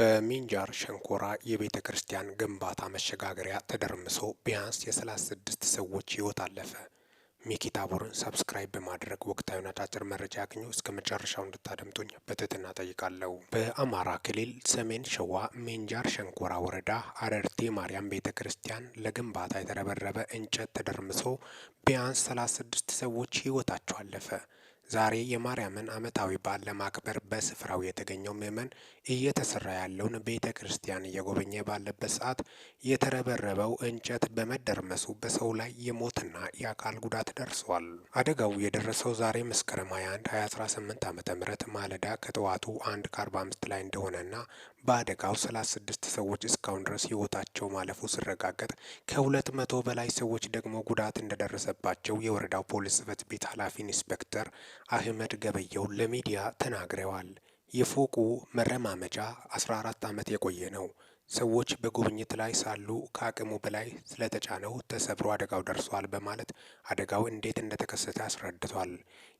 በሚንጃር ሸንኮራ የቤተ ክርስቲያን ግንባታ መሸጋገሪያ ተደርምሶ ቢያንስ የ36 ሰዎች ህይወት አለፈ። ሚኪ ታቦርን ሰብስክራይብ በማድረግ ወቅታዊና አጫጭር መረጃ ያገኙ። እስከ መጨረሻው እንድታደምጡኝ በትህትና ጠይቃለሁ። በአማራ ክልል ሰሜን ሸዋ ሚንጃር ሸንኮራ ወረዳ አረርቴ ማርያም ቤተ ክርስቲያን ለግንባታ የተረበረበ እንጨት ተደርምሶ ቢያንስ 36 ሰዎች ህይወታቸው አለፈ። ዛሬ የማርያምን ዓመታዊ በዓል ለማክበር በስፍራው የተገኘው ምዕመን እየተሰራ ያለውን ቤተ ክርስቲያን እየጎበኘ ባለበት ሰዓት የተረበረበው እንጨት በመደርመሱ በሰው ላይ የሞትና የአካል ጉዳት ደርሷል። አደጋው የደረሰው ዛሬ መስከረም 21 2018 ዓ ም ማለዳ ከጠዋቱ 1 ከ45 ላይ እንደሆነና በአደጋው 36 ሰዎች እስካሁን ድረስ ህይወታቸው ማለፉ ሲረጋገጥ ከሁለት መቶ በላይ ሰዎች ደግሞ ጉዳት እንደደረሰባቸው የወረዳው ፖሊስ ጽህፈት ቤት ኃላፊ ኢንስፔክተር አህመድ ገበየው ለሚዲያ ተናግረዋል። የፎቁ መረማመጃ 14 ዓመት የቆየ ነው። ሰዎች በጉብኝት ላይ ሳሉ ከአቅሙ በላይ ስለተጫነው ተሰብሮ አደጋው ደርሷል በማለት አደጋው እንዴት እንደተከሰተ አስረድቷል።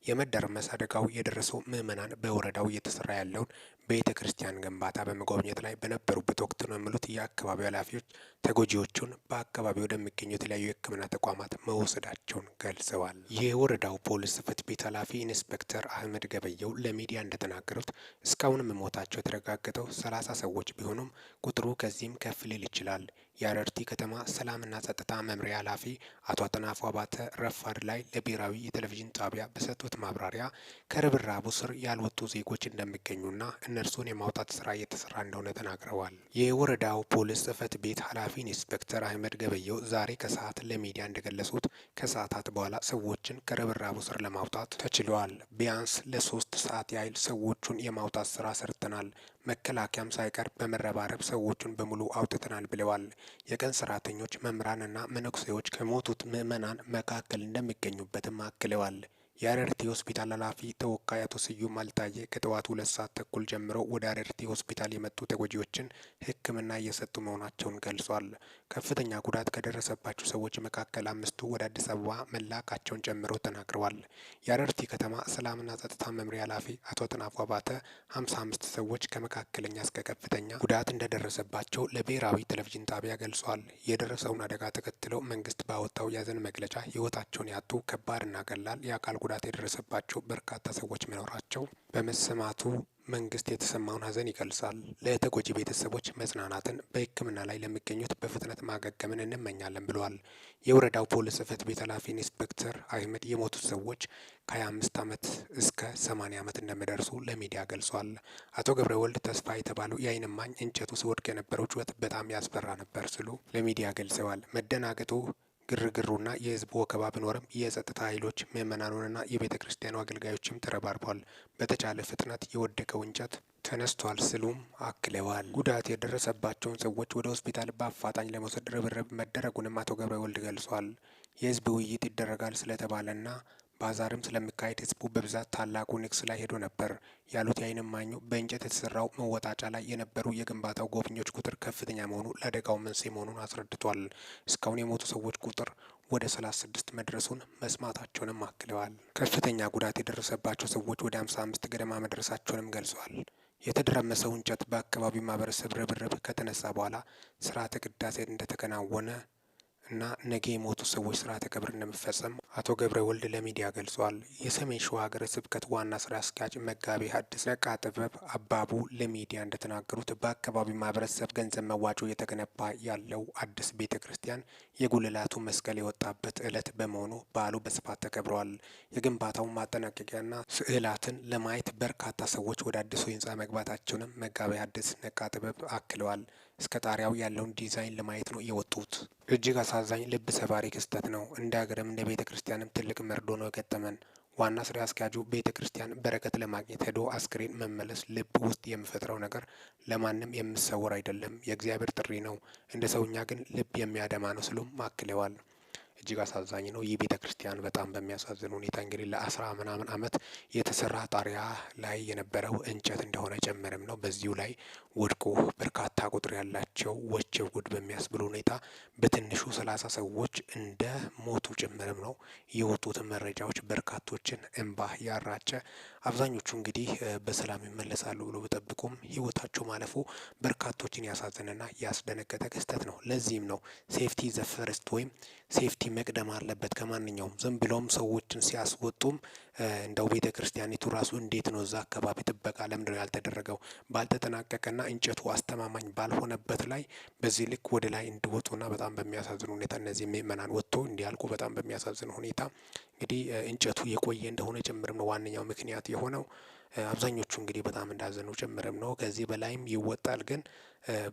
የመደርመስ አደጋው የደረሰው ምዕመናን በወረዳው እየተሰራ ያለውን ቤተ ክርስቲያን ግንባታ በመጎብኘት ላይ በነበሩበት ወቅት ነው የሚሉት የአካባቢው ኃላፊዎች ተጎጂዎቹን በአካባቢው ወደሚገኙ የተለያዩ የሕክምና ተቋማት መውሰዳቸውን ገልጸዋል። የወረዳው ፖሊስ ጽሕፈት ቤት ኃላፊ ኢንስፔክተር አህመድ ገበየው ለሚዲያ እንደተናገሩት እስካሁን መሞታቸው የተረጋገጠው ሰላሳ ሰዎች ቢሆኑም ቁጥሩ ከዚህም ከፍ ሊል ይችላል። የአረርቲ ከተማ ሰላምና ጸጥታ መምሪያ ኃላፊ አቶ አጠናፉ አባተ ረፋድ ላይ ለብሔራዊ የቴሌቪዥን ጣቢያ በሰጡት ማብራሪያ ከርብራቡ ስር ያልወጡ ዜጎች እንደሚገኙና እነርሱን የማውጣት ስራ እየተሰራ እንደሆነ ተናግረዋል። የወረዳው ፖሊስ ጽህፈት ቤት ኃላፊ ኢንስፔክተር አህመድ ገበየው ዛሬ ከሰዓት ለሚዲያ እንደገለጹት ከሰዓታት በኋላ ሰዎችን ከርብራቡ ስር ለማውጣት ተችሏል። ቢያንስ ለሶስት ሰዓት ያህል ሰዎቹን የማውጣት ስራ ሰርተናል። መከላከያም ሳይቀር በመረባረብ ሰዎቹን በሙሉ አውጥተናል ብለዋል። የቀን ሰራተኞች መምህራንና መነኩሴዎች ከሞቱት ምዕመናን መካከል እንደሚገኙበትም አክለዋል። የአረርቲ ሆስፒታል ኃላፊ ተወካይ አቶ ስዩም አልታየ ከጠዋቱ ሁለት ሰዓት ተኩል ጀምሮ ወደ አረርቲ ሆስፒታል የመጡ ተጎጂዎችን ሕክምና እየሰጡ መሆናቸውን ገልጿል። ከፍተኛ ጉዳት ከደረሰባቸው ሰዎች መካከል አምስቱ ወደ አዲስ አበባ መላካቸውን ጨምሮ ተናግረዋል። የአረርቲ ከተማ ሰላምና ጸጥታ መምሪያ ኃላፊ አቶ አጥናፉ አባተ ሀምሳ አምስት ሰዎች ከመካከለኛ እስከ ከፍተኛ ጉዳት እንደደረሰባቸው ለብሔራዊ ቴሌቪዥን ጣቢያ ገልጿል። የደረሰውን አደጋ ተከትለው መንግስት ባወጣው ያዘን መግለጫ ሕይወታቸውን ያጡ ከባድና ቀላል የአካል ጉዳት የደረሰባቸው በርካታ ሰዎች መኖራቸው በመሰማቱ መንግስት የተሰማውን ሀዘን ይገልጻል። ለተጎጂ ቤተሰቦች መጽናናትን፣ በህክምና ላይ ለሚገኙት በፍጥነት ማገገምን እንመኛለን ብለዋል። የወረዳው ፖሊስ ጽፈት ቤት ኃላፊ ኢንስፔክተር አህመድ የሞቱት ሰዎች ከ25 ዓመት እስከ 80 ዓመት እንደሚደርሱ ለሚዲያ ገልጿል። አቶ ገብረ ወልድ ተስፋ የተባሉ የዓይን እማኝ እንጨቱ ሲወድቅ የነበረው ጩኸት በጣም ያስፈራ ነበር ሲሉ ለሚዲያ ገልጸዋል። መደናገጡ ግርግሩና የህዝቡ ወከባ ቢኖርም የጸጥታ ኃይሎች ምዕመናኑንና የቤተ ክርስቲያኑ አገልጋዮችም ተረባርቧል። በተቻለ ፍጥነት የወደቀው እንጨት ተነስቷል ስሉም አክለዋል። ጉዳት የደረሰባቸውን ሰዎች ወደ ሆስፒታል በአፋጣኝ ለመውሰድ ርብርብ መደረጉንም አቶ ገብረ ወልድ ገልጿል። የህዝብ ውይይት ይደረጋል ስለተባለና ባዛርም ስለሚካሄድ ህዝቡ በብዛት ታላቁ ንግስ ላይ ሄዶ ነበር ያሉት የአይን እማኙ በእንጨት የተሰራው መወጣጫ ላይ የነበሩ የግንባታው ጎብኚዎች ቁጥር ከፍተኛ መሆኑ ለአደጋው መንስኤ መሆኑን አስረድቷል። እስካሁን የሞቱ ሰዎች ቁጥር ወደ 36 መድረሱን መስማታቸውንም አክለዋል። ከፍተኛ ጉዳት የደረሰባቸው ሰዎች ወደ 55 ገደማ መድረሳቸውንም ገልጿል። የተደረመሰው እንጨት በአካባቢው ማህበረሰብ ርብርብ ከተነሳ በኋላ ስርዓተ ቅዳሴ እንደተከናወነ እና ነገ የሞቱ ሰዎች ስርዓተ ቀብር እንደሚፈጸም አቶ ገብረ ወልድ ለሚዲያ ገልጿል። የሰሜን ሸዋ ሀገረ ስብከት ዋና ስራ አስኪያጅ መጋቤ ሐዲስ ነቃ ጥበብ አባቡ ለሚዲያ እንደተናገሩት በአካባቢው ማህበረሰብ ገንዘብ መዋጮ እየተገነባ ያለው አዲስ ቤተ ክርስቲያን የጉልላቱ መስቀል የወጣበት ዕለት በመሆኑ በዓሉ በስፋት ተከብረዋል። የግንባታውን ማጠናቀቂያና ስዕላትን ለማየት በርካታ ሰዎች ወደ አዲሱ ህንፃ መግባታቸውንም መጋቤ ሐዲስ ነቃ ጥበብ አክለዋል። እስከ ጣሪያው ያለውን ዲዛይን ለማየት ነው የወጡት። እጅግ አሳዛኝ ልብ ሰባሪ ክስተት ነው። እንደ ሀገርም እንደ ቤተ ክርስቲያንም ትልቅ መርዶ ነው የገጠመን። ዋና ስራ አስኪያጁ ቤተ ክርስቲያን በረከት ለማግኘት ሄዶ አስክሬን መመለስ ልብ ውስጥ የሚፈጥረው ነገር ለማንም የምሰወር አይደለም፣ የእግዚአብሔር ጥሪ ነው። እንደ ሰውኛ ግን ልብ የሚያደማ ነው ስሉም አክለዋል። እጅግ አሳዛኝ ነው። ይህ ቤተ ክርስቲያን በጣም በሚያሳዝን ሁኔታ እንግዲህ ለአስራ ምናምን ዓመት የተሰራ ጣሪያ ላይ የነበረው እንጨት እንደሆነ ጨምርም ነው። በዚሁ ላይ ወድቆ በርካታ ቁጥር ያላቸው ወጀ ጉድ በሚያስብል ሁኔታ በትንሹ ሰላሳ ሰዎች እንደ ሞቱ ጭምርም ነው የወጡት መረጃዎች። በርካቶችን እንባ ያራጨ አብዛኞቹ እንግዲህ በሰላም ይመለሳሉ ብሎ በጠብቁም ህይወታቸው ማለፉ በርካቶችን ያሳዘነና ያስደነገጠ ክስተት ነው። ለዚህም ነው ሴፍቲ ዘፈርስት ወይም ሴፍቲ መቅደም አለበት ከማንኛውም ዝም ብሎም ሰዎችን ሲያስወጡም እንደው ቤተ ክርስቲያኒቱ ራሱ እንዴት ነው እዛ አካባቢ ጥበቃ ለምንድነው ያልተደረገው? ባልተጠናቀቀና እንጨቱ አስተማማኝ ባልሆነበት ላይ በዚህ ልክ ወደ ላይ እንዲወጡና በጣም በሚያሳዝን ሁኔታ እነዚህ ምእመናን ወጥቶ እንዲያልቁ በጣም በሚያሳዝን ሁኔታ እንግዲህ እንጨቱ የቆየ እንደሆነ ጭምርም ነው ዋነኛው ምክንያት የሆነው። አብዛኞቹ እንግዲህ በጣም እንዳዘኑ ጭምርም ነው። ከዚህ በላይም ይወጣል፣ ግን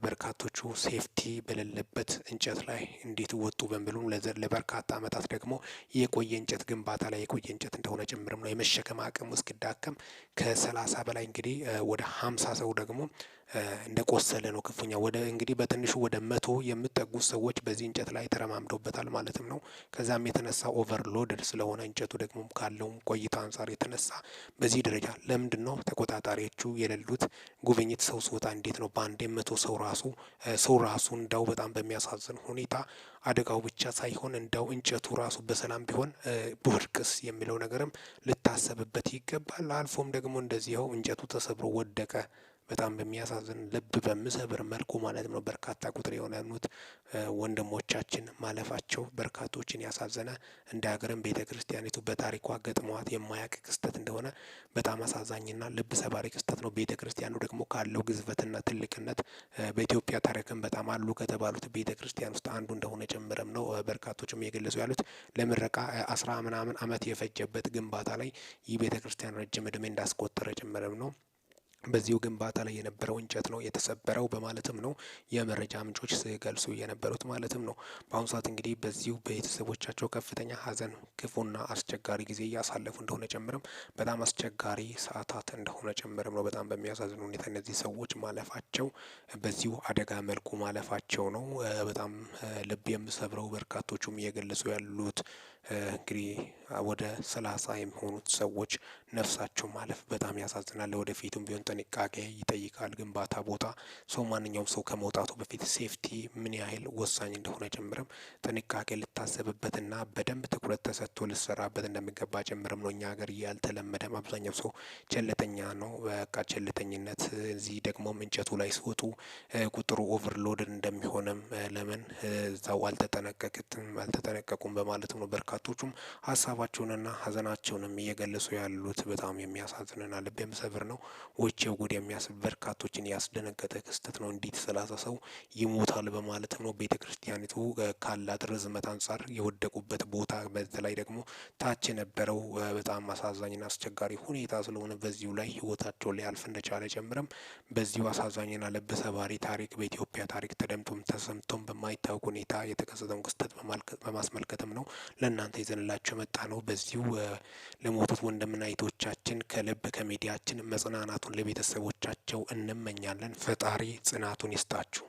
በርካቶቹ ሴፍቲ በሌለበት እንጨት ላይ እንዴት ወጡ በሚሉም ለበርካታ ዓመታት ደግሞ የቆየ እንጨት ግንባታ ላይ የቆየ እንጨት እንደሆነ ጭምርም ነው የመሸከም አቅም እስኪዳከም ከሰላሳ በላይ እንግዲህ ወደ ሀምሳ ሰው ደግሞ እንደቆሰለ ነው ክፉኛ። ወደ እንግዲህ በትንሹ ወደ መቶ የምጠጉ ሰዎች በዚህ እንጨት ላይ ተረማምደውበታል ማለትም ነው። ከዛም የተነሳ ኦቨርሎድድ ስለሆነ እንጨቱ ደግሞ ካለውም ቆይታ አንጻር የተነሳ በዚህ ደረጃ ለምንድን ነው ተቆጣጣሪዎቹ የሌሉት? ጉብኝት ሰው ሲወጣ እንዴት ነው በአንዴ መቶ ሰው ራሱ ሰው ራሱ እንዳው በጣም በሚያሳዝን ሁኔታ አደጋው ብቻ ሳይሆን እንዳው እንጨቱ ራሱ በሰላም ቢሆን ብወድቅስ የሚለው ነገርም ልታሰብበት ይገባል። አልፎም ደግሞ እንደዚህው እንጨቱ ተሰብሮ ወደቀ በጣም በሚያሳዝን ልብ በምሰብር መልኩ ማለት ነው በርካታ ቁጥር የሆነኑት ወንድሞቻችን ማለፋቸው በርካቶችን ያሳዘነ እንደ ሀገርም ቤተ ክርስቲያኒቱ በታሪኳ ገጥሟት የማያውቅ ክስተት እንደሆነ በጣም አሳዛኝና ልብ ሰባሪ ክስተት ነው። ቤተ ክርስቲያኑ ደግሞ ካለው ግዝበትና ትልቅነት በኢትዮጵያ ታሪክም በጣም አሉ ከተባሉት ቤተ ክርስቲያን ውስጥ አንዱ እንደሆነ ጭምርም ነው በርካቶችም እየገለጹ ያሉት። ለምረቃ አስራ ምናምን አመት የፈጀበት ግንባታ ላይ ይህ ቤተ ክርስቲያን ረጅም እድሜ እንዳስቆጠረ ጭምርም ነው። በዚሁ ግንባታ ላይ የነበረው እንጨት ነው የተሰበረው በማለትም ነው የመረጃ ምንጮች ሲገልጹ የነበሩት ማለትም ነው። በአሁኑ ሰዓት እንግዲህ በዚሁ ቤተሰቦቻቸው ከፍተኛ ሐዘን፣ ክፉና አስቸጋሪ ጊዜ እያሳለፉ እንደሆነ ጨምርም በጣም አስቸጋሪ ሰዓታት እንደሆነ ጨምርም ነው። በጣም በሚያሳዝን ሁኔታ እነዚህ ሰዎች ማለፋቸው በዚሁ አደጋ መልኩ ማለፋቸው ነው በጣም ልብ የምሰብረው። በርካቶቹም እየገለጹ ያሉት እንግዲህ ወደ ሰላሳ የሚሆኑት ሰዎች ነፍሳቸው ማለፍ በጣም ያሳዝናል። ወደፊቱም ቢሆን ጥንቃቄ ይጠይቃል ግንባታ ቦታ። ሰው ማንኛውም ሰው ከመውጣቱ በፊት ሴፍቲ ምን ያህል ወሳኝ እንደሆነ ጭምርም ጥንቃቄ ልታሰብበትና በደንብ ትኩረት ተሰጥቶ ልሰራበት እንደሚገባ ጭምርም ነው። እኛ ሀገር ያልተለመደም አብዛኛው ሰው ቸልተኛ ነው። በቃ ቸልተኝነት እዚህ ደግሞም እንጨቱ ላይ ሲወጡ ቁጥሩ ኦቨርሎድን እንደሚሆንም ለምን እዛው አልተጠነቀቅትም አልተጠነቀቁም በማለትም ነው በርካቶቹም ሀሳባቸውንና ሀዘናቸውንም እየገለጹ ያሉት። በጣም የሚያሳዝንና ልብ የሚሰብር ነው። እጀው ጉድ የሚያስብ በርካቶችን ያስደነገጠ ክስተት ነው። እንዴት ሰላሳ ሰው ይሞታል በማለት ነው ቤተ ክርስቲያኒቱ ካላት ርዝመት አንጻር የወደቁበት ቦታ በተለይ ደግሞ ታች የነበረው በጣም አሳዛኝና አስቸጋሪ ሁኔታ ስለሆነ በዚሁ ላይ ህይወታቸው ሊያልፍ እንደቻለ ጨምረም በዚሁ አሳዛኝና ልብ ሰባሪ ታሪክ በኢትዮጵያ ታሪክ ተደምቶም ተሰምቶም በማይታወቅ ሁኔታ የተከሰተውን ክስተት በማስመልከትም ነው ለእናንተ ይዘንላቸው መጣ ነው። በዚሁ ለሞቱት ወንድምና እህቶቻችን ከልብ ከሚዲያችን መጽናናቱን ለቤተሰቦቻቸው እንመኛለን። ፈጣሪ ጽናቱን ይስጣችሁ።